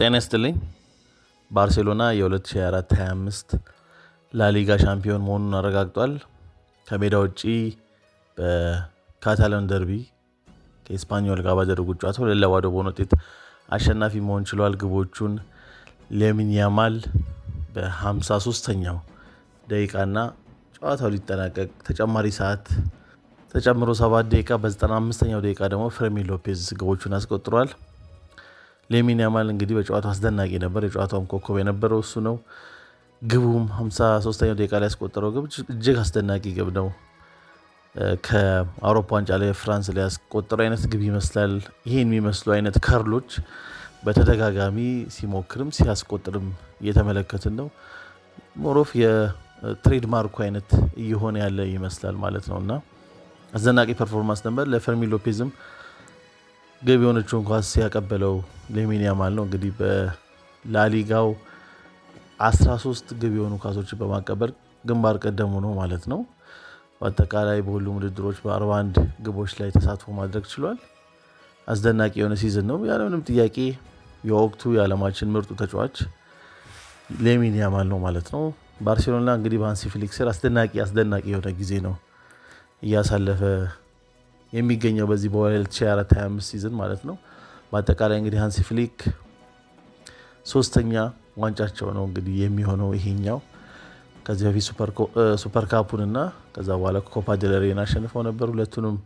ጤና ይስጥልኝ። ባርሴሎና የ2024/25 ላሊጋ ሻምፒዮን መሆኑን አረጋግጧል። ከሜዳ ውጪ በካታላን ደርቢ ከኤስፓኞል ጋር ባደረጉት ጨዋታ ሁለት ለባዶ በሆነ ውጤት አሸናፊ መሆን ችሏል። ግቦቹን ላሚን ያማል በ53ኛው ደቂቃና ጨዋታው ሊጠናቀቅ ተጨማሪ ሰዓት ተጨምሮ ሰባት ደቂቃ በ95ኛው ደቂቃ ደግሞ ፍሬሚን ሎፔዝ ግቦቹን አስቆጥሯል። ላሚን ያማል እንግዲህ በጨዋታው አስደናቂ ነበር። የጨዋታውም ኮከብ የነበረው እሱ ነው። ግቡም 53ኛው ደቂቃ ላይ ያስቆጠረው ግብ እጅግ አስደናቂ ግብ ነው። ከአውሮፓ ዋንጫ ላይ ፍራንስ ላይ ያስቆጠረው አይነት ግብ ይመስላል። ይህን የሚመስሉ አይነት ከርሎች በተደጋጋሚ ሲሞክርም ሲያስቆጥርም እየተመለከትን ነው። ሞሮፍ የትሬድማርኩ አይነት እየሆነ ያለ ይመስላል ማለት ነው እና አስደናቂ ፐርፎርማንስ ነበር ለፈርሚ ሎፔዝም ገቢ የሆነችውን ኳስ ያቀበለው ሌሚን ያማል ነው። እንግዲህ በላሊጋው 13 ገቢ የሆኑ ኳሶችን በማቀበል ግንባር ቀደሙ ነው ማለት ነው። በአጠቃላይ በሁሉም ውድድሮች በ41 ግቦች ላይ ተሳትፎ ማድረግ ችሏል። አስደናቂ የሆነ ሲዝን ነው። ያለምንም ጥያቄ የወቅቱ የዓለማችን ምርጡ ተጫዋች ሌሚን ያማል ነው ማለት ነው። ባርሴሎና እንግዲህ በሃንሲ ፍሊክ ስር አስደናቂ አስደናቂ የሆነ ጊዜ ነው እያሳለፈ የሚገኘው በዚህ በ2024/25 ሲዝን ማለት ነው። በአጠቃላይ እንግዲህ ሃንሲ ፍሊክ ሶስተኛ ዋንጫቸው ነው እንግዲህ የሚሆነው ይሄኛው። ከዚህ በፊት ሱፐር ካፑን እና ከዛ በኋላ ኮፓ ደለሬን አሸንፈው ነበር። ሁለቱንም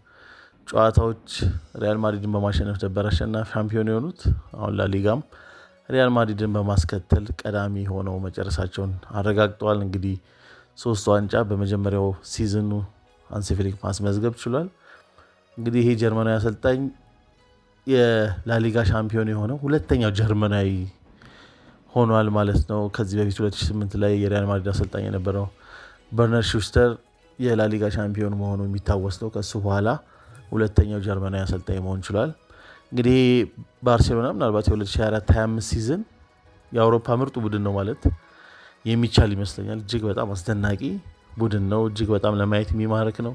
ጨዋታዎች ሪያል ማድሪድን በማሸነፍ ነበር አሸናፊ ሻምፒዮን የሆኑት። አሁን ላሊጋም ሪያል ማድሪድን በማስከተል ቀዳሚ ሆነው መጨረሳቸውን አረጋግጠዋል። እንግዲህ ሶስት ዋንጫ በመጀመሪያው ሲዝኑ ሃንሲ ፍሊክ ማስመዝገብ ችሏል። እንግዲህ ይሄ ጀርመናዊ አሰልጣኝ የላሊጋ ሻምፒዮን የሆነው ሁለተኛው ጀርመናዊ ሆኗል ማለት ነው። ከዚህ በፊት 2008 ላይ የሪያል ማድሪድ አሰልጣኝ የነበረው በርነር ሹስተር የላሊጋ ሻምፒዮን መሆኑ የሚታወስ ነው። ከሱ በኋላ ሁለተኛው ጀርመናዊ አሰልጣኝ መሆን ችሏል። እንግዲህ ባርሴሎና ምናልባት የ2024/25 ሲዝን የአውሮፓ ምርጡ ቡድን ነው ማለት የሚቻል ይመስለኛል። እጅግ በጣም አስደናቂ ቡድን ነው። እጅግ በጣም ለማየት የሚማርክ ነው።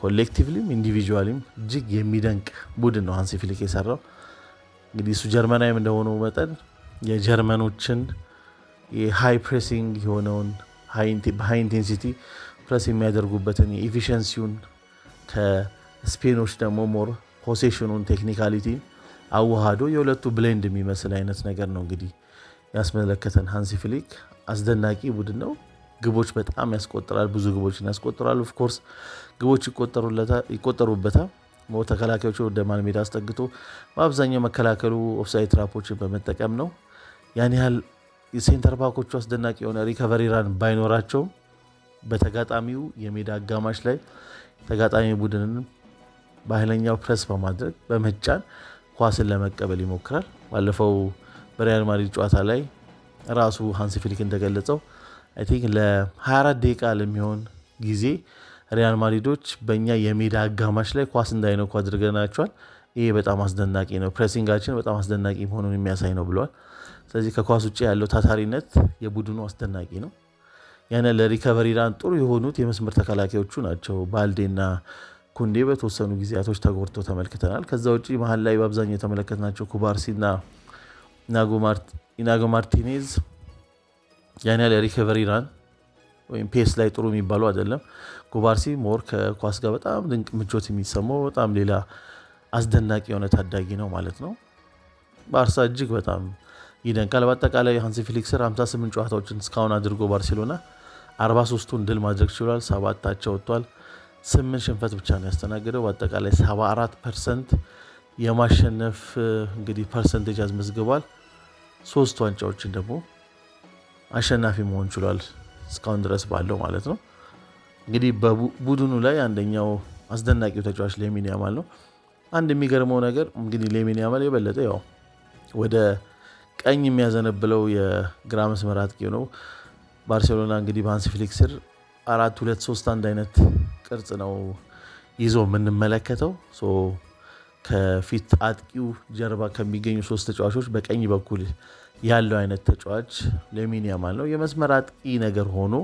ኮሌክቲቭሊም ኢንዲቪጁዋሊም እጅግ የሚደንቅ ቡድን ነው ሃንሲ ፊሊክ የሰራው። እንግዲህ እሱ ጀርመናዊም እንደሆኑ መጠን የጀርመኖችን የሃይ ፕሬሲንግ የሆነውን በሃይ ኢንቴንሲቲ ፕረስ የሚያደርጉበትን የኤፊሽንሲውን ከስፔኖች ደግሞ ሞር ፖሴሽኑን ቴክኒካሊቲ አዋሃዶ የሁለቱ ብሌንድ የሚመስል አይነት ነገር ነው እንግዲህ ያስመለከተን ሃንሲ ፊሊክ። አስደናቂ ቡድን ነው። ግቦች በጣም ያስቆጥራል፣ ብዙ ግቦችን ያስቆጥራል ኦፍኮርስ ግቦች ይቆጠሩበታል። ሞ ተከላካዮች ወደ መሃል ሜዳ አስጠግቶ በአብዛኛው መከላከሉ ኦፍሳይድ ትራፖችን በመጠቀም ነው። ያን ያህል የሴንተር ባኮቹ አስደናቂ የሆነ ሪከቨሪ ራን ባይኖራቸውም በተጋጣሚው የሜዳ አጋማሽ ላይ ተጋጣሚ ቡድንን በኃይለኛው ፕረስ በማድረግ በመጫን ኳስን ለመቀበል ይሞክራል። ባለፈው በሪያል ማድሪድ ጨዋታ ላይ ራሱ ሃንሲ ፊሊክ እንደገለጸው አይ ቲንክ ለ24 ደቂቃ ለሚሆን ጊዜ ሪያል ማድሪዶች በእኛ የሜዳ አጋማሽ ላይ ኳስ እንዳይነኩ አድርገናቸዋል። ይሄ በጣም አስደናቂ ነው፣ ፕሬሲንጋችን በጣም አስደናቂ መሆኑን የሚያሳይ ነው ብለዋል። ስለዚህ ከኳስ ውጭ ያለው ታታሪነት የቡድኑ አስደናቂ ነው። ያነ ለሪከቨሪ ራን ጥሩ የሆኑት የመስመር ተከላካዮቹ ናቸው። ባልዴና ኩንዴ በተወሰኑ ጊዜያቶች ተጎድቶ ተመልክተናል። ከዛ ውጭ መሀል ላይ በአብዛኛው የተመለከትናቸው ኩባርሲና ኢናጎ ማርቲኔዝ ያን ያለ ራን ወይም ፔስ ላይ ጥሩ የሚባሉ አይደለም። ጉባርሲ ሞር ከኳስ ጋር በጣም ድንቅ ምቾት የሚሰማው በጣም ሌላ አስደናቂ የሆነ ታዳጊ ነው ማለት ነው። ባርሳ እጅግ በጣም ይደንቃል። በአጠቃላይ ሃንሲ ፊሊክ ስር 58 ጨዋታዎችን እስካሁን አድርጎ ባርሴሎና 43ቱን ድል ማድረግ ችሏል። ሰባት አቻ ወጥቷል። ስምንት ሽንፈት ብቻ ነው ያስተናገደው። በአጠቃላይ 74 ፐርሰንት የማሸነፍ እንግዲህ ፐርሰንቴጅ አስመዝግቧል። ሶስት ዋንጫዎችን ደግሞ አሸናፊ መሆን ችሏል። እስካሁን ድረስ ባለው ማለት ነው። እንግዲህ በቡድኑ ላይ አንደኛው አስደናቂው ተጫዋች ላሚን ያማል ነው። አንድ የሚገርመው ነገር እንግዲህ ላሚን ያማል የበለጠ ያው ወደ ቀኝ የሚያዘነብለው የግራ መስመር አጥቂ ነው። ባርሴሎና እንግዲህ በሃንሲ ፍሊክ ስር አራት ሁለት ሶስት አንድ አይነት ቅርጽ ነው ይዞ የምንመለከተው ከፊት አጥቂው ጀርባ ከሚገኙ ሶስት ተጫዋቾች በቀኝ በኩል ያለው አይነት ተጫዋች ለሚን ያማል ነው። የመስመር አጥቂ ነገር ሆኖ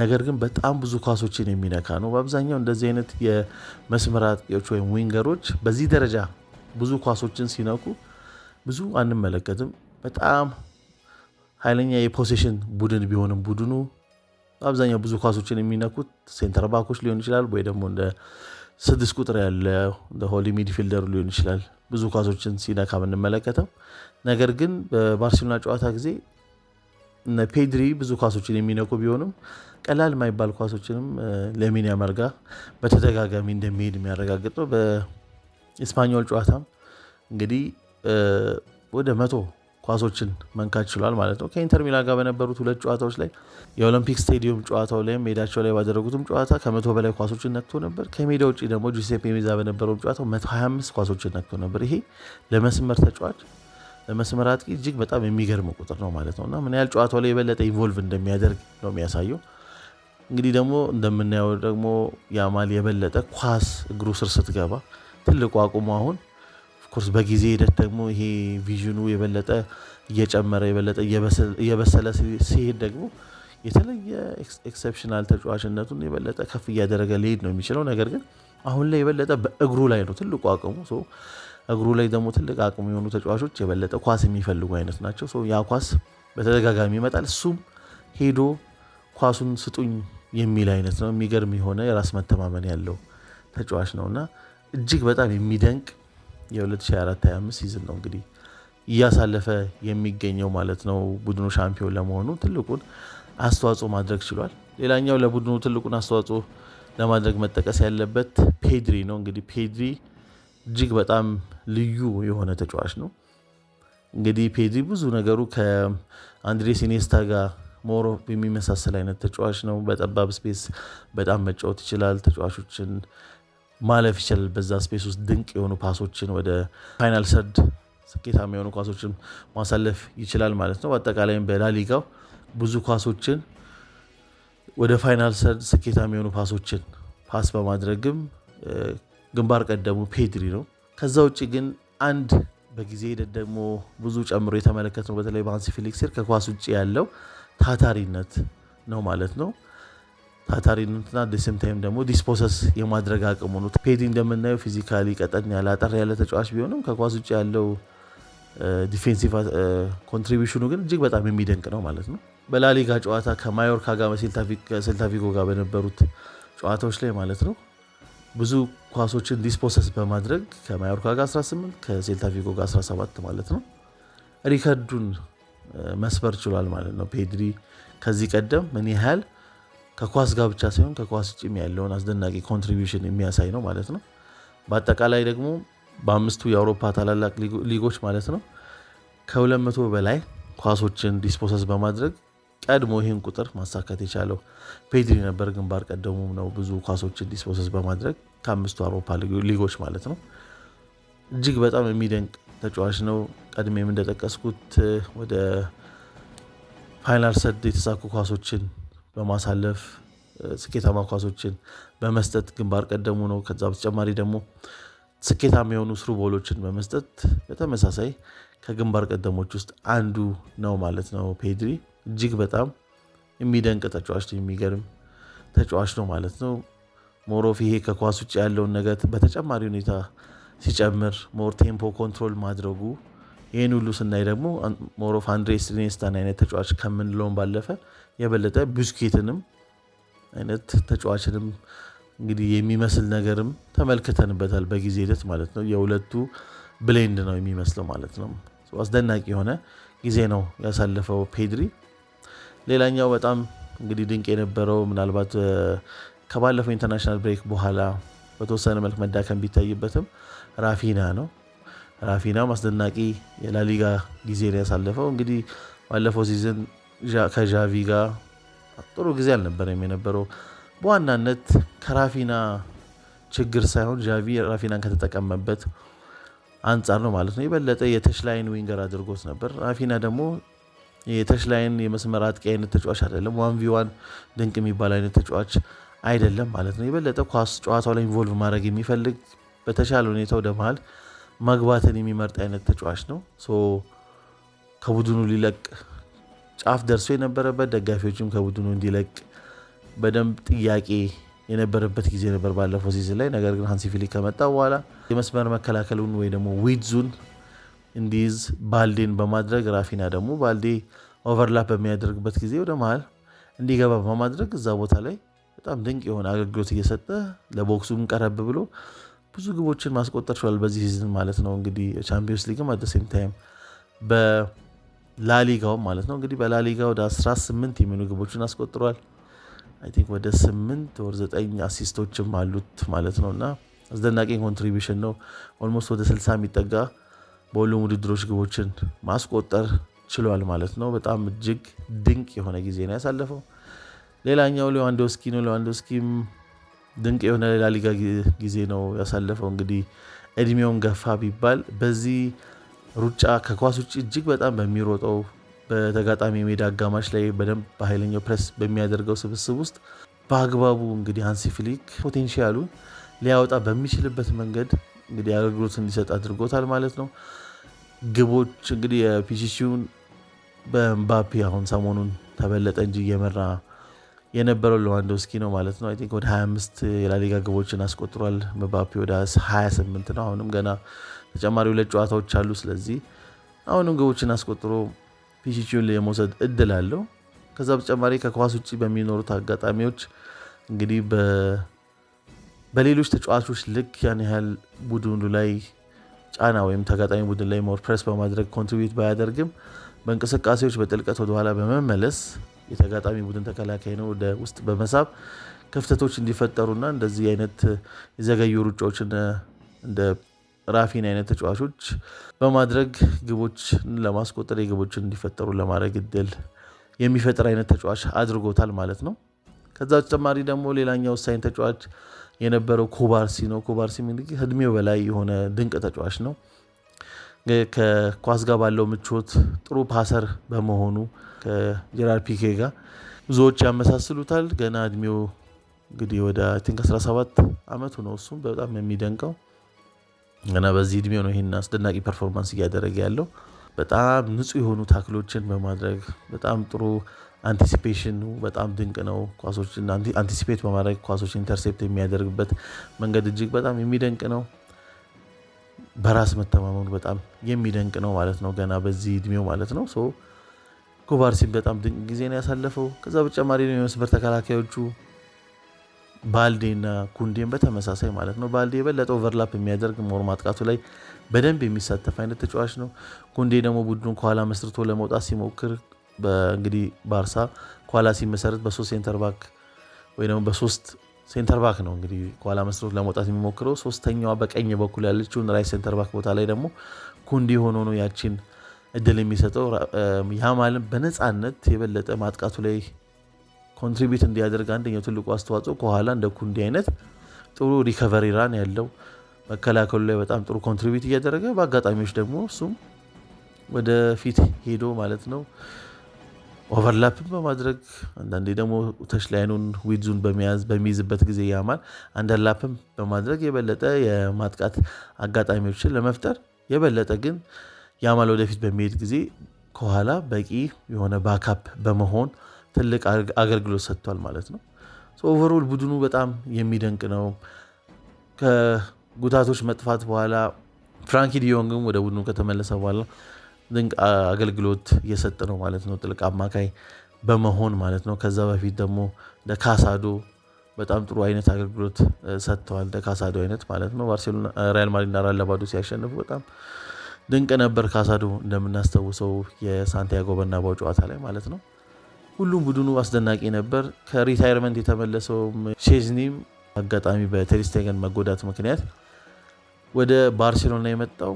ነገር ግን በጣም ብዙ ኳሶችን የሚነካ ነው። በአብዛኛው እንደዚህ አይነት የመስመር አጥቂዎች ወይም ዊንገሮች በዚህ ደረጃ ብዙ ኳሶችን ሲነኩ ብዙ አንመለከትም። በጣም ኃይለኛ የፖሴሽን ቡድን ቢሆንም ቡድኑ በአብዛኛው ብዙ ኳሶችን የሚነኩት ሴንተር ባኮች ሊሆን ይችላል ወይ ደግሞ እንደ ስድስት ቁጥር ያለ ሆሊ ሚድፊልደር ሊሆን ይችላል። ብዙ ኳሶችን ሲነካ የምንመለከተው ነገር ግን በባርሴሎና ጨዋታ ጊዜ ፔድሪ ብዙ ኳሶችን የሚነኩ ቢሆንም ቀላል የማይባል ኳሶችንም ለሚን ያመርጋ በተደጋጋሚ እንደሚሄድ የሚያረጋግጥ ነው። በኢስፓኞል ጨዋታም እንግዲህ ወደ መቶ ኳሶችን መንካት ችሏል ማለት ነው። ከኢንተር ሚላን ጋር በነበሩት ሁለት ጨዋታዎች ላይ የኦሎምፒክ ስቴዲየም ጨዋታው ላይም ሜዳቸው ላይ ባደረጉትም ጨዋታ ከመቶ በላይ ኳሶችን ነክቶ ነበር። ከሜዳ ውጭ ደግሞ ጁሴፔ ሜዛ በነበረው ጨዋታው 125 ኳሶችን ነክቶ ነበር። ይሄ ለመስመር ተጫዋች መስመር አጥቂ እጅግ በጣም የሚገርም ቁጥር ነው ማለት ነው እና ምን ያህል ጨዋታው ላይ የበለጠ ኢንቮልቭ እንደሚያደርግ ነው የሚያሳየው። እንግዲህ ደግሞ እንደምናየው ደግሞ ያማል የበለጠ ኳስ እግሩ ስር ስትገባ ትልቁ አቁሙ አሁን ኦፍኮርስ በጊዜ ሂደት ደግሞ ይሄ ቪዥኑ የበለጠ እየጨመረ የበለጠ እየበሰለ ሲሄድ ደግሞ የተለየ ኤክሰፕሽናል ተጫዋችነቱን የበለጠ ከፍ እያደረገ ሊሄድ ነው የሚችለው። ነገር ግን አሁን ላይ የበለጠ በእግሩ ላይ ነው ትልቁ አቅሙ። እግሩ ላይ ደግሞ ትልቅ አቅም የሆኑ ተጫዋቾች የበለጠ ኳስ የሚፈልጉ አይነት ናቸው። ያ ኳስ በተደጋጋሚ ይመጣል። እሱም ሄዶ ኳሱን ስጡኝ የሚል አይነት ነው። የሚገርም የሆነ የራስ መተማመን ያለው ተጫዋች ነው እና እጅግ በጣም የሚደንቅ የ2024/25 ሲዝን ነው እንግዲህ እያሳለፈ የሚገኘው ማለት ነው። ቡድኑ ሻምፒዮን ለመሆኑ ትልቁን አስተዋጽኦ ማድረግ ችሏል። ሌላኛው ለቡድኑ ትልቁን አስተዋጽኦ ለማድረግ መጠቀስ ያለበት ፔድሪ ነው እንግዲህ ፔድሪ እጅግ በጣም ልዩ የሆነ ተጫዋች ነው። እንግዲህ ፔድሪ ብዙ ነገሩ ከአንድሬስ ኢኔስታ ጋር ሞሮ የሚመሳሰል አይነት ተጫዋች ነው። በጠባብ ስፔስ በጣም መጫወት ይችላል። ተጫዋቾችን ማለፍ ይችላል። በዛ ስፔስ ውስጥ ድንቅ የሆኑ ፓሶችን ወደ ፋይናል ሰርድ ስኬታማ የሆኑ ኳሶችን ማሳለፍ ይችላል ማለት ነው። በአጠቃላይም በላሊጋው ብዙ ኳሶችን ወደ ፋይናል ሰርድ ስኬታማ የሆኑ ፓሶችን ፓስ በማድረግም ግንባር ቀደሙ ፔድሪ ነው። ከዛ ውጭ ግን አንድ በጊዜ ሂደት ደግሞ ብዙ ጨምሮ ነው። በተለይ በሃንሲ ፊሊክ ስር ከኳስ ውጭ ያለው ታታሪነት ነው ማለት ነው። ታታሪነትና ደሴም ታይም ደግሞ ዲስፖሰስ የማድረግ አቅሙ ነው። ፔድሪ እንደምናየው ፊዚካሊ ቀጠን ያለ አጠር ያለ ተጫዋች ቢሆንም ከኳስ ውጭ ያለው ዲፌንሲቭ ኮንትሪቢሽኑ ግን እጅግ በጣም የሚደንቅ ነው ማለት ነው። በላሊጋ ጨዋታ ከማዮርካ ጋር ሴልታቪጎ ጋር በነበሩት ጨዋታዎች ላይ ማለት ነው ብዙ ኳሶችን ዲስፖሰስ በማድረግ ከማዮርካ ጋር 18 ከሴልታቪጎ ጋር 17 ማለት ነው ሪከርዱን መስበር ችሏል ማለት ነው። ፔድሪ ከዚህ ቀደም ምን ያህል ከኳስ ጋር ብቻ ሳይሆን ከኳስ ውጭም ያለውን አስደናቂ ኮንትሪቢሽን የሚያሳይ ነው ማለት ነው። በአጠቃላይ ደግሞ በአምስቱ የአውሮፓ ታላላቅ ሊጎች ማለት ነው ከ200 በላይ ኳሶችን ዲስፖሰስ በማድረግ ቀድሞ ይህን ቁጥር ማሳካት የቻለው ፔድሪ ነበር። ግንባር ቀደሙም ነው፣ ብዙ ኳሶችን ዲስፖሰስ በማድረግ ከአምስቱ አውሮፓ ሊጎች ማለት ነው። እጅግ በጣም የሚደንቅ ተጫዋች ነው። ቀድሜም እንደጠቀስኩት ወደ ፋይናል ሰድ የተሳኩ ኳሶችን በማሳለፍ ስኬታማ ኳሶችን በመስጠት ግንባር ቀደሙ ነው። ከዛ በተጨማሪ ደግሞ ስኬታማ የሆኑ ስሩ ቦሎችን በመስጠት በተመሳሳይ ከግንባር ቀደሞች ውስጥ አንዱ ነው ማለት ነው ፔድሪ። እጅግ በጣም የሚደንቅ ተጫዋች ነው፣ የሚገርም ተጫዋች ነው ማለት ነው። ሞሮፍ ይሄ ከኳስ ውጭ ያለውን ነገር በተጨማሪ ሁኔታ ሲጨምር ሞር ቴምፖ ኮንትሮል ማድረጉ ይህን ሁሉ ስናይ ደግሞ ሞሮፍ አንድሬስ ኢኒየስታን አይነት ተጫዋች ከምንለውን ባለፈ የበለጠ ቡስኬትንም አይነት ተጫዋችንም እንግዲህ የሚመስል ነገርም ተመልክተንበታል በጊዜ ሂደት ማለት ነው። የሁለቱ ብሌንድ ነው የሚመስለው ማለት ነው። አስደናቂ የሆነ ጊዜ ነው ያሳለፈው ፔድሪ። ሌላኛው በጣም እንግዲህ ድንቅ የነበረው ምናልባት ከባለፈው ኢንተርናሽናል ብሬክ በኋላ በተወሰነ መልክ መዳከም ቢታይበትም ራፊና ነው። ራፊና አስደናቂ የላሊጋ ጊዜ ነው ያሳለፈው። እንግዲህ ባለፈው ሲዝን ከዣቪ ጋር ጥሩ ጊዜ አልነበረም የነበረው። በዋናነት ከራፊና ችግር ሳይሆን ዣቪ ራፊናን ከተጠቀመበት አንጻር ነው ማለት ነው። የበለጠ የተሽላይን ዊንገር አድርጎት ነበር። ራፊና ደግሞ የተሽላይን የመስመር አጥቂ አይነት ተጫዋች አይደለም። ዋን ቪዋን ድንቅ የሚባል አይነት ተጫዋች አይደለም ማለት ነው። የበለጠ ኳስ ጨዋታው ላይ ኢንቮልቭ ማድረግ የሚፈልግ በተሻለ ሁኔታ ወደ መሀል መግባትን የሚመርጥ አይነት ተጫዋች ነው። ከቡድኑ ሊለቅ ጫፍ ደርሶ የነበረበት ደጋፊዎችም ከቡድኑ እንዲለቅ በደንብ ጥያቄ የነበረበት ጊዜ ነበር ባለፈው ሲዝን ላይ። ነገር ግን ሃንሲ ፊሊክ ከመጣ በኋላ የመስመር መከላከሉን ወይ ደግሞ ዊድዙን እንዲይዝ ባልዴን በማድረግ ራፊና ደግሞ ባልዴ ኦቨርላፕ በሚያደርግበት ጊዜ ወደ መሃል እንዲገባ በማድረግ እዛ ቦታ ላይ በጣም ድንቅ የሆነ አገልግሎት እየሰጠ ለቦክሱም ቀረብ ብሎ ብዙ ግቦችን ማስቆጠር ችሏል በዚህ ሲዝን ማለት ነው። እንግዲህ ቻምፒዮንስ ሊግም አት ሴም ታይም በላሊጋውም ማለት ነው። እንግዲህ በላሊጋ ወደ 18 የሚሆኑ ግቦችን አስቆጥሯል። አይ ቲንክ ወደ 8 ወር 9 አሲስቶችም አሉት ማለት ነው እና አስደናቂ ኮንትሪቢሽን ነው ኦልሞስት ወደ 60 የሚጠጋ በሁሉም ውድድሮች ግቦችን ማስቆጠር ችሏል ማለት ነው። በጣም እጅግ ድንቅ የሆነ ጊዜ ነው ያሳለፈው። ሌላኛው ሌዋንዶስኪ ነው። ሌዋንዶስኪም ድንቅ የሆነ ላሊጋ ጊዜ ነው ያሳለፈው። እንግዲህ እድሜውን ገፋ ቢባል በዚህ ሩጫ ከኳስ ውጭ እጅግ በጣም በሚሮጠው በተጋጣሚ የሜዳ አጋማሽ ላይ በደንብ በኃይለኛው ፕሬስ በሚያደርገው ስብስብ ውስጥ በአግባቡ እንግዲህ ሃንሲ ፍሊክ ሊያወጣ በሚችልበት መንገድ እንግዲህ አገልግሎት እንዲሰጥ አድርጎታል ማለት ነው። ግቦች እንግዲህ የፒሲሲውን በኤምባፔ አሁን ሰሞኑን ተበለጠ እንጂ እየመራ የነበረው ሌዋንዶውስኪ ነው ማለት ነው። አይ ቲንክ ወደ 25 የላሊጋ ግቦችን አስቆጥሯል። ኤምባፔ ወደ 28 ነው። አሁንም ገና ተጨማሪ ሁለት ጨዋታዎች አሉ። ስለዚህ አሁንም ግቦችን አስቆጥሮ ፒሲሲውን የመውሰድ እድል አለው። ከዛ በተጨማሪ ከኳስ ውጭ በሚኖሩት አጋጣሚዎች እንግዲህ በሌሎች ተጫዋቾች ልክ ያን ያህል ቡድኑ ላይ ጫና ወይም ተጋጣሚ ቡድን ላይ ሞር ፕረስ በማድረግ ኮንትሪቢዩት ባያደርግም በእንቅስቃሴዎች በጥልቀት ወደኋላ በመመለስ የተጋጣሚ ቡድን ተከላካይ ነው ወደ ውስጥ በመሳብ ክፍተቶች እንዲፈጠሩና እንደዚህ አይነት የዘገዩ ሩጫዎችን እንደ ራፊን አይነት ተጫዋቾች በማድረግ ግቦች ለማስቆጠር የግቦችን እንዲፈጠሩ ለማድረግ እድል የሚፈጥር አይነት ተጫዋች አድርጎታል ማለት ነው። ከዛ ተጨማሪ ደግሞ ሌላኛው ወሳኝ ተጫዋች የነበረው ኮባርሲ ነው። ኮባርሲም እንግዲህ እድሜው በላይ የሆነ ድንቅ ተጫዋች ነው። ከኳስ ጋር ባለው ምቾት ጥሩ ፓሰር በመሆኑ ከጀራር ፒኬ ጋር ብዙዎች ያመሳስሉታል። ገና እድሜው እንግዲህ ወደ ቲንክ 17 ዓመቱ ነው። እሱም በጣም የሚደንቀው ገና በዚህ እድሜው ነው ይህን አስደናቂ ፐርፎርማንስ እያደረገ ያለው። በጣም ንጹህ የሆኑ ታክሎችን በማድረግ በጣም ጥሩ አንቲሲፔሽኑ በጣም ድንቅ ነው። ኳሶችን አንቲሲፔት በማድረግ ኳሶችን ኢንተርሴፕት የሚያደርግበት መንገድ እጅግ በጣም የሚደንቅ ነው። በራስ መተማመኑ በጣም የሚደንቅ ነው ማለት ነው፣ ገና በዚህ እድሜው ማለት ነው። ኮቫርሲን በጣም ድንቅ ጊዜ ነው ያሳለፈው። ከዛ በተጨማሪ ነው የመስመር ተከላካዮቹ ባልዴ እና ኩንዴን በተመሳሳይ ማለት ነው። ባልዴ የበለጠ ኦቨርላፕ የሚያደርግ ሞር ማጥቃቱ ላይ በደንብ የሚሳተፍ አይነት ተጫዋች ነው። ኩንዴ ደግሞ ቡድኑን ከኋላ መስርቶ ለመውጣት ሲሞክር እንግዲህ ባርሳ ኳላ ሲመሰረት በሶስት ሴንተር ባክ ወይ ደግሞ በሶስት ሴንተር ባክ ነው እንግዲህ ኳላ መስረት ለመውጣት የሚሞክረው። ሶስተኛዋ በቀኝ በኩል ያለችውን ራይት ሴንተር ባክ ቦታ ላይ ደግሞ ኩንዲ ሆኖ ነው ያችን እድል የሚሰጠው። ማለም በነፃነት የበለጠ ማጥቃቱ ላይ ኮንትሪቢዩት እንዲያደርግ አንደኛው ትልቁ አስተዋጽኦ ከኋላ እንደ ኩንዲ አይነት ጥሩ ሪከቨሪ ራን ያለው መከላከሉ ላይ በጣም ጥሩ ኮንትሪቢዩት እያደረገ በአጋጣሚዎች ደግሞ እሱም ወደፊት ሄዶ ማለት ነው ኦቨርላፕን በማድረግ አንዳንዴ ደግሞ ተች ላይኑን ዊድዙን በሚያዝ በሚይዝበት ጊዜ ያማል አንደርላፕን በማድረግ የበለጠ የማጥቃት አጋጣሚዎችን ለመፍጠር የበለጠ ግን ያማል ወደፊት በሚሄድ ጊዜ ከኋላ በቂ የሆነ ባካፕ በመሆን ትልቅ አገልግሎት ሰጥቷል ማለት ነው። ኦቨሮል ቡድኑ በጣም የሚደንቅ ነው። ከጉታቶች መጥፋት በኋላ ፍራንኪ ዲዮንግም ወደ ቡድኑ ከተመለሰ በኋላ ድንቅ አገልግሎት እየሰጠ ነው ማለት ነው። ትልቅ አማካይ በመሆን ማለት ነው። ከዛ በፊት ደግሞ ለካሳዶ በጣም ጥሩ አይነት አገልግሎት ሰጥተዋል። ለካሳዶ አይነት ማለት ነው። ባርሴሎና ሪያል ማድሪድና ራል ለባዶ ሲያሸንፉ በጣም ድንቅ ነበር ካሳዶ እንደምናስታውሰው የሳንቲያጎ በርናባው ጨዋታ ላይ ማለት ነው። ሁሉም ቡድኑ አስደናቂ ነበር። ከሪታይርመንት የተመለሰው ሼዝኒም አጋጣሚ በቴር ስቴገን መጎዳት ምክንያት ወደ ባርሴሎና የመጣው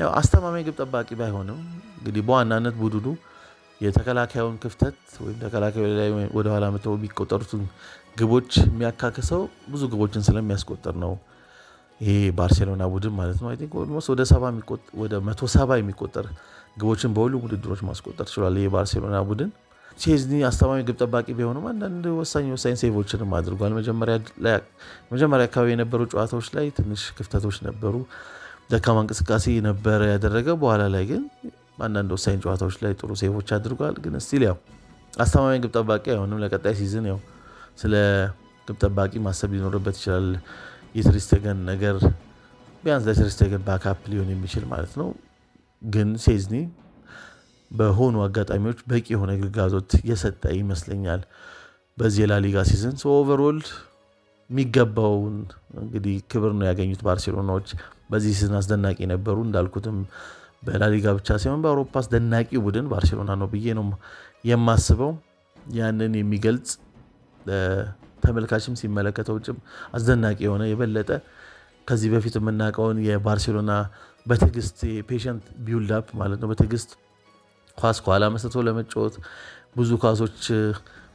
ያው አስተማማኝ ግብ ጠባቂ ባይሆንም እንግዲህ በዋናነት ቡድኑ የተከላካዩን ክፍተት ወይም ተከላካዩ ላይ ወደኋላ መተው የሚቆጠሩትን ግቦች የሚያካክሰው ብዙ ግቦችን ስለሚያስቆጥር ነው። ይሄ ባርሴሎና ቡድን ማለት ነው። አይ ቲንክ ኦልሞስት ወደ መቶ ሰባ የሚቆጠር ግቦችን በሁሉም ውድድሮች ማስቆጠር ችሏል። ይሄ ባርሴሎና ቡድን ቼዝኒ አስተማሚ ግብ ጠባቂ ቢሆንም አንዳንድ ወሳኝ ወሳኝ ሴቮችንም አድርጓል። መጀመሪያ አካባቢ የነበሩ ጨዋታዎች ላይ ትንሽ ክፍተቶች ነበሩ። ደካማ እንቅስቃሴ ነበረ ያደረገ። በኋላ ላይ ግን አንዳንድ ወሳኝ ጨዋታዎች ላይ ጥሩ ሴቮች አድርጓል። ግን ስቲል ያው አስተማማኝ ግብ ጠባቂ አይሆንም። ለቀጣይ ሲዝን ያው ስለ ግብ ጠባቂ ማሰብ ሊኖርበት ይችላል። የትሪስተገን ነገር ቢያንስ ለትሪስተገን ባካፕ ሊሆን የሚችል ማለት ነው። ግን ሴዝኒ በሆኑ አጋጣሚዎች በቂ የሆነ ግልጋሎት የሰጠ ይመስለኛል በዚህ ላሊጋ ሲዝን ኦቨርኦል የሚገባውን እንግዲህ ክብር ነው ያገኙት ባርሴሎናዎች። በዚህ ሲዝን አስደናቂ ነበሩ። እንዳልኩትም በላሊጋ ብቻ ሳይሆን በአውሮፓ አስደናቂ ቡድን ባርሴሎና ነው ብዬ ነው የማስበው። ያንን የሚገልጽ ተመልካችም ሲመለከተው ጭም አስደናቂ የሆነ የበለጠ ከዚህ በፊት የምናውቀውን የባርሴሎና በትዕግስት ፔሽንት ቢውልድ አፕ ማለት ነው። በትዕግስት ኳስ ከኋላ መስጠቶ ለመጫወት ብዙ ኳሶች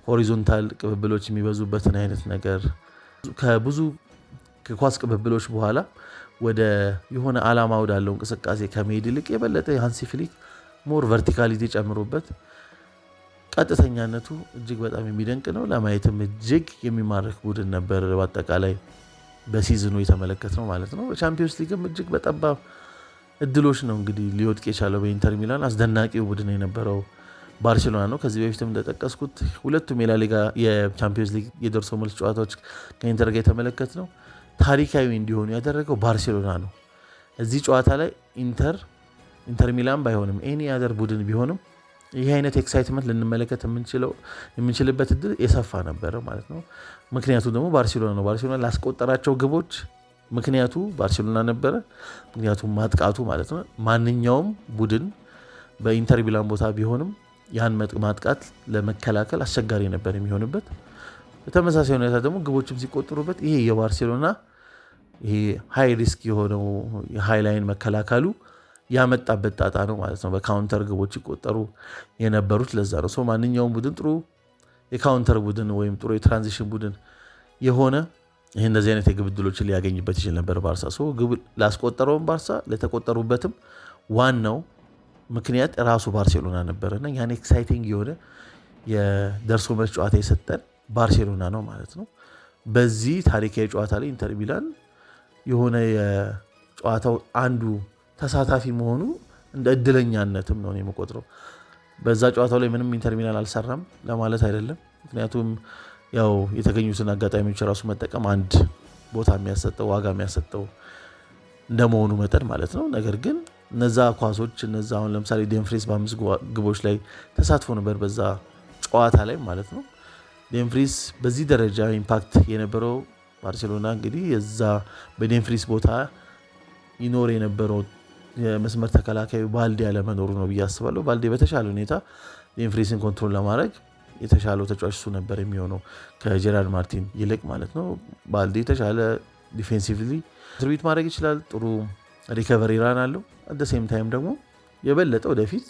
ሆሪዞንታል ቅብብሎች የሚበዙበትን አይነት ነገር ከብዙ ከኳስ ቅብብሎች በኋላ ወደ የሆነ አላማ ወዳለው እንቅስቃሴ ከመሄድ ይልቅ የበለጠ የሃንሲ ፍሊክ ሞር ቨርቲካሊቲ ጨምሮበት ቀጥተኛነቱ እጅግ በጣም የሚደንቅ ነው። ለማየትም እጅግ የሚማርክ ቡድን ነበር። በአጠቃላይ በሲዝኑ የተመለከት ነው ማለት ነው። ቻምፒዮንስ ሊግም እጅግ በጠባብ እድሎች ነው እንግዲህ ሊወድቅ የቻለው በኢንተር ሚላን አስደናቂው ቡድን የነበረው ባርሴሎና ነው። ከዚህ በፊትም እንደጠቀስኩት ሁለቱም የላሊጋ የቻምፒዮንስ ሊግ የደርሶ መልስ ጨዋታዎች ከኢንተር ጋር የተመለከት ነው። ታሪካዊ እንዲሆኑ ያደረገው ባርሴሎና ነው። እዚህ ጨዋታ ላይ ኢንተር ኢንተር ሚላን ባይሆንም ኤኒ አዘር ቡድን ቢሆንም ይህ አይነት ኤክሳይትመንት ልንመለከት የምንችልበት እድል የሰፋ ነበረ ማለት ነው። ምክንያቱ ደግሞ ባርሴሎና ነው። ባርሴሎና ላስቆጠራቸው ግቦች ምክንያቱ ባርሴሎና ነበረ። ምክንያቱም ማጥቃቱ ማለት ነው። ማንኛውም ቡድን በኢንተር ሚላን ቦታ ቢሆንም ያን ማጥቃት ለመከላከል አስቸጋሪ ነበር የሚሆንበት። በተመሳሳይ ሁኔታ ደግሞ ግቦችም ሲቆጠሩበት ይሄ የባርሴሎና ይሄ ሃይ ሪስክ የሆነው የሃይ ላይን መከላከሉ ያመጣበት ጣጣ ነው ማለት ነው። በካውንተር ግቦች ይቆጠሩ የነበሩት ለዛ ነው። ሰው ማንኛውም ቡድን ጥሩ የካውንተር ቡድን ወይም ጥሩ የትራንዚሽን ቡድን የሆነ ይህ እንደዚህ አይነት የግብ ዕድሎችን ሊያገኝበት ይችል ነበር ባርሳ። ሰው ግብ ላስቆጠረውም ባርሳ ለተቆጠሩበትም ዋናው ምክንያት ራሱ ባርሴሎና ነበር እና ያን ኤክሳይቲንግ የሆነ የደርሶ መልስ ጨዋታ የሰጠን ባርሴሎና ነው ማለት ነው። በዚህ ታሪካዊ ጨዋታ ላይ ኢንተር ሚላን የሆነ የጨዋታው አንዱ ተሳታፊ መሆኑ እንደ እድለኛነትም ነው የምቆጥረው። በዛ ጨዋታው ላይ ምንም ኢንተር ሚላን አልሰራም ለማለት አይደለም። ምክንያቱም ያው የተገኙትን አጋጣሚዎች ራሱ መጠቀም አንድ ቦታ የሚያሰጠው ዋጋ የሚያሰጠው እንደመሆኑ መጠን ማለት ነው። ነገር ግን እነዛ ኳሶች እነዛ አሁን ለምሳሌ ዴንፍሬስ በአምስት ግቦች ላይ ተሳትፎ ነበር በዛ ጨዋታ ላይ ማለት ነው። ዴንፍሬስ በዚህ ደረጃ ኢምፓክት የነበረው ባርሴሎና እንግዲህ የዛ በደንፍሪስ ቦታ ይኖር የነበረው የመስመር ተከላካዩ ባልዴ ያለመኖሩ ነው ብዬ አስባለሁ። ባልዴ በተሻለ ሁኔታ ደንፍሪስን ኮንትሮል ለማድረግ የተሻለው ተጫዋች እሱ ነበር የሚሆነው ከጀራርድ ማርቲን ይልቅ ማለት ነው። ባልዴ የተሻለ ዲፌንሲቭሊ ትርቢት ማድረግ ይችላል። ጥሩ ሪከቨሪ ራን አለው። አደ ሴም ታይም ደግሞ የበለጠ ወደፊት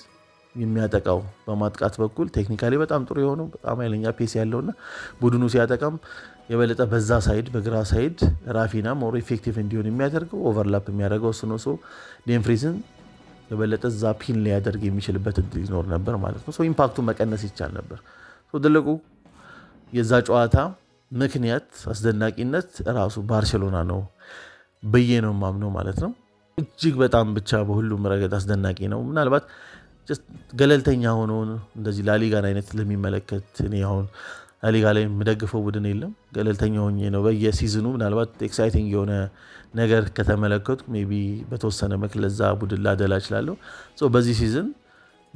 የሚያጠቃው በማጥቃት በኩል ቴክኒካሊ በጣም ጥሩ የሆነው በጣም ኃይለኛ ፔስ ያለውና ቡድኑ ሲያጠቃም የበለጠ በዛ ሳይድ በግራ ሳይድ ራፊና ሞር ኢፌክቲቭ እንዲሆን የሚያደርገው ኦቨርላፕ የሚያደርገው እሱ ነው። ዴንፍሪዝን የበለጠ እዛ ፒን ሊያደርግ የሚችልበት እድል ይኖር ነበር ማለት ነው። ኢምፓክቱ መቀነስ ይቻል ነበር። ትልቁ የዛ ጨዋታ ምክንያት አስደናቂነት ራሱ ባርሴሎና ነው ብዬ ነው ማምነው ማለት ነው። እጅግ በጣም ብቻ በሁሉም ረገድ አስደናቂ ነው። ምናልባት ገለልተኛ ሆኖ እንደዚህ ላሊጋን አይነት ለሚመለከት እኔ አሁን ሊጋ ላይ የምደግፈው ቡድን የለም። ገለልተኛ ሆኜ ነው በየሲዝኑ ምናልባት ኤክሳይቲንግ የሆነ ነገር ከተመለከቱ ሜይ ቢ በተወሰነ መክ ለዛ ቡድን ላደላ እችላለሁ። በዚህ ሲዝን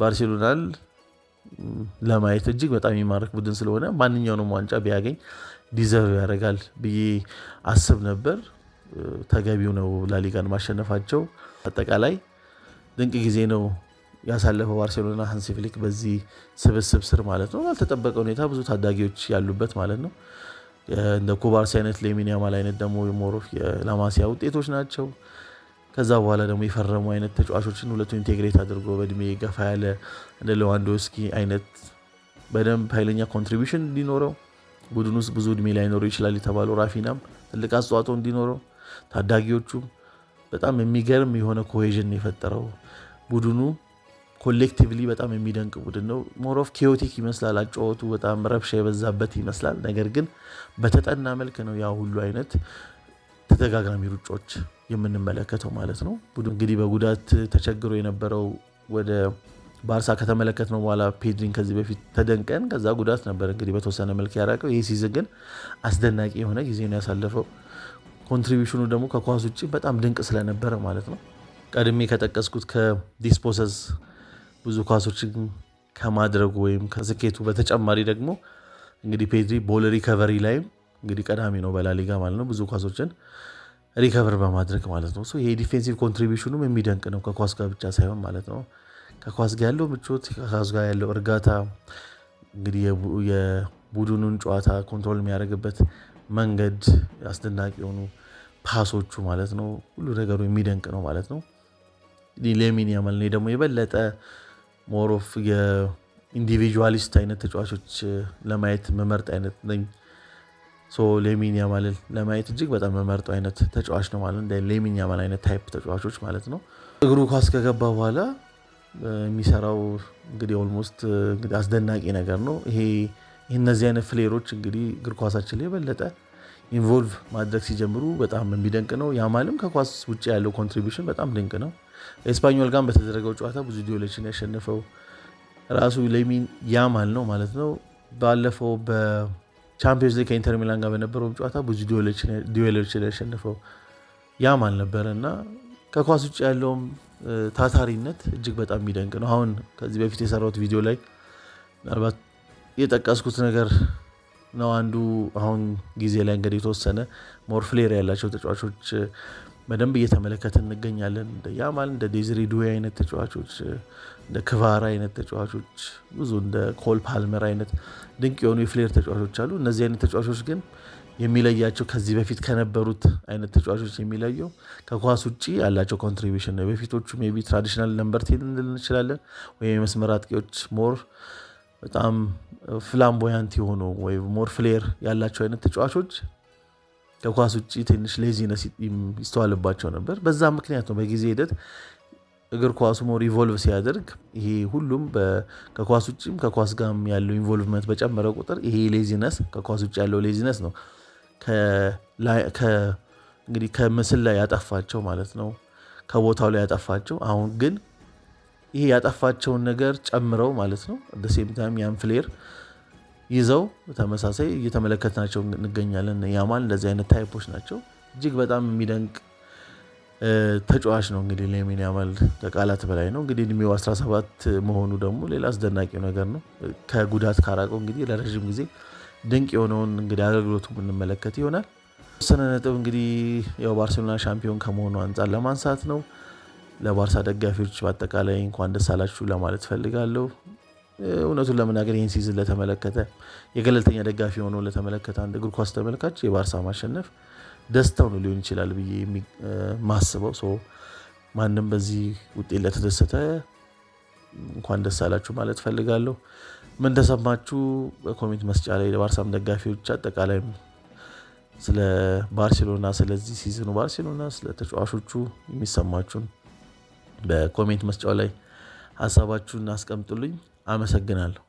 ባርሴሎናል ለማየት እጅግ በጣም የሚማርክ ቡድን ስለሆነ ማንኛውንም ዋንጫ ቢያገኝ ዲዘርቭ ያደርጋል ብዬ አስብ ነበር። ተገቢው ነው ላሊጋን ማሸነፋቸው። አጠቃላይ ድንቅ ጊዜ ነው ያሳለፈው ባርሴሎና ሃንሲ ፍሊክ በዚህ ስብስብ ስር ማለት ነው። ያልተጠበቀ ሁኔታ ብዙ ታዳጊዎች ያሉበት ማለት ነው። እንደ ኩባርሲ አይነት ላሚን ያማል አይነት ደግሞ የሞሮፍ የላማሲያ ውጤቶች ናቸው። ከዛ በኋላ ደግሞ የፈረሙ አይነት ተጫዋቾችን ሁለቱ ኢንቴግሬት አድርጎ በእድሜ ገፋ ያለ እንደ ሌዋንዶስኪ አይነት በደንብ ኃይለኛ ኮንትሪቢሽን እንዲኖረው ቡድን ውስጥ ብዙ እድሜ ላይኖረው ይችላል የተባለው ራፊናም ትልቅ አስተዋጽኦ እንዲኖረው ታዳጊዎቹም በጣም የሚገርም የሆነ ኮሄዥን የፈጠረው ቡድኑ ኮሌክቲቭሊ በጣም የሚደንቅ ቡድን ነው። ሞር ኦፍ ኬዮቲክ ይመስላል አጫወቱ፣ በጣም ረብሻ የበዛበት ይመስላል። ነገር ግን በተጠና መልክ ነው ያ ሁሉ አይነት ተደጋጋሚ ሩጫዎች የምንመለከተው ማለት ነው። ቡድን እንግዲህ በጉዳት ተቸግሮ የነበረው ወደ ባርሳ ከተመለከት ነው በኋላ ፔድሪን ከዚህ በፊት ተደንቀን ከዛ ጉዳት ነበር እንግዲህ በተወሰነ መልክ ያራቀው። ይህ ሲዝን ግን አስደናቂ የሆነ ጊዜ ነው ያሳለፈው። ኮንትሪቢሽኑ ደግሞ ከኳስ ውጭ በጣም ድንቅ ስለነበረ ማለት ነው። ቀድሜ ከጠቀስኩት ከዲስፖሰስ ብዙ ኳሶችን ከማድረጉ ወይም ከስኬቱ በተጨማሪ ደግሞ እንግዲህ ፔድሪ ቦል ሪከቨሪ ላይም እንግዲህ ቀዳሚ ነው በላሊጋ ማለት ነው። ብዙ ኳሶችን ሪከቨር በማድረግ ማለት ነው። ይሄ ዲፌንሲቭ ኮንትሪቢሽኑም የሚደንቅ ነው። ከኳስ ጋር ብቻ ሳይሆን ማለት ነው። ከኳስ ጋር ያለው ምቾት፣ ከኳስ ጋር ያለው እርጋታ፣ እንግዲህ የቡድኑን ጨዋታ ኮንትሮል የሚያደርግበት መንገድ፣ አስደናቂ የሆኑ ፓሶቹ ማለት ነው። ሁሉ ነገሩ የሚደንቅ ነው ማለት ነው። ሌሚን ያማል ደግሞ የበለጠ ሞር ኦፍ የኢንዲቪጁዋሊስት አይነት ተጫዋቾች ለማየት መመርጥ አይነት ነኝ። ሌሚን ያማልን ለማየት እጅግ በጣም መመርጦ አይነት ተጫዋች ነው ማለት እንደ ሌሚን ያማል አይነት ታይፕ ተጫዋቾች ማለት ነው። እግሩ ኳስ ከገባ በኋላ የሚሰራው እንግዲህ ኦልሞስት እንግዲህ አስደናቂ ነገር ነው። ይሄ እነዚህ አይነት ፍሌሮች እንግዲህ እግር ኳሳችን ላይ የበለጠ ኢንቮልቭ ማድረግ ሲጀምሩ በጣም የሚደንቅ ነው። ያማልም ከኳስ ውጭ ያለው ኮንትሪቢሽን በጣም ድንቅ ነው። ኤስፓኞል ጋር በተደረገው ጨዋታ ብዙ ዲዮሎችን ያሸነፈው ራሱ ላሚን ያማል ነው ማለት ነው። ባለፈው በቻምፒዮንስ ሊግ ከኢንተር ሚላን ጋር በነበረው ጨዋታ ብዙ ዲዮሎችን ያሸነፈው ያማል ነበረ እና ከኳስ ውጭ ያለውም ታታሪነት እጅግ በጣም የሚደንቅ ነው። አሁን ከዚህ በፊት የሰራሁት ቪዲዮ ላይ ምናልባት የጠቀስኩት ነገር ነው። አንዱ አሁን ጊዜ ላይ እንግዲህ የተወሰነ ሞር ፍሌር ያላቸው ተጫዋቾች በደንብ እየተመለከት እንገኛለን። እንደ ያማል እንደ ዴዝሬ ዱዌ አይነት ተጫዋቾች እንደ ክቫራ አይነት ተጫዋቾች ብዙ እንደ ኮል ፓልመር አይነት ድንቅ የሆኑ የፍሌር ተጫዋቾች አሉ። እነዚህ አይነት ተጫዋቾች ግን የሚለያቸው ከዚህ በፊት ከነበሩት አይነት ተጫዋቾች የሚለየው ከኳስ ውጭ ያላቸው ኮንትሪቢሽን ነው። የበፊቶቹ ቢ ትራዲሽናል ነምበር ቴን ልንል እንችላለን ወይም የመስመር አጥቂዎች ሞር በጣም ፍላምቦያንት የሆኑ ወይ ሞር ፍሌር ያላቸው አይነት ተጫዋቾች ከኳስ ውጭ ትንሽ ሌዚነስ ይስተዋልባቸው ነበር። በዛ ምክንያት ነው በጊዜ ሂደት እግር ኳሱ ሞር ኢቮልቭ ሲያደርግ ይሄ ሁሉም ከኳስ ውጭም ከኳስ ጋም ያለው ኢንቮልቭመንት በጨመረ ቁጥር ይሄ ሌዚነስ ከኳስ ውጭ ያለው ሌዚነስ ነው እንግዲህ ከምስል ላይ ያጠፋቸው ማለት ነው፣ ከቦታው ላይ ያጠፋቸው። አሁን ግን ይሄ ያጠፋቸውን ነገር ጨምረው ማለት ነው ደሴም ታይም ያን ፍሌር ይዘው ተመሳሳይ እየተመለከትናቸው እንገኛለን። ያማል እንደዚህ አይነት ታይፖች ናቸው። እጅግ በጣም የሚደንቅ ተጫዋች ነው። እንግዲህ ላሚን ያማል ከቃላት በላይ ነው። እንግዲህ እድሜው 17 መሆኑ ደግሞ ሌላ አስደናቂ ነገር ነው። ከጉዳት ካራቀው እንግዲህ ለረዥም ጊዜ ድንቅ የሆነውን እንግዲህ አገልግሎቱ የምንመለከት ይሆናል። ስነ ነጥብ እንግዲህ ያው ባርሴሎና ሻምፒዮን ከመሆኑ አንጻር ለማንሳት ነው። ለባርሳ ደጋፊዎች በአጠቃላይ እንኳን ደስ አላችሁ ለማለት ፈልጋለሁ። እውነቱን ለመናገር ይህን ሲዝን ለተመለከተ የገለልተኛ ደጋፊ ሆኖ ለተመለከተ አንድ እግር ኳስ ተመልካች የባርሳ ማሸነፍ ደስታው ነው ሊሆን ይችላል ብዬ የማስበው ሰው ማንም በዚህ ውጤት ለተደሰተ እንኳን ደስ አላችሁ ማለት ፈልጋለሁ። ምን ተሰማችሁ? በኮሜንት መስጫ ላይ ለባርሳም ደጋፊዎች አጠቃላይ ስለ ባርሴሎና ስለዚህ ሲዝኑ ባርሴሎና ስለ ተጫዋቾቹ የሚሰማችሁን በኮሜንት መስጫው ላይ ሀሳባችሁን አስቀምጡልኝ። አመሰግናለሁ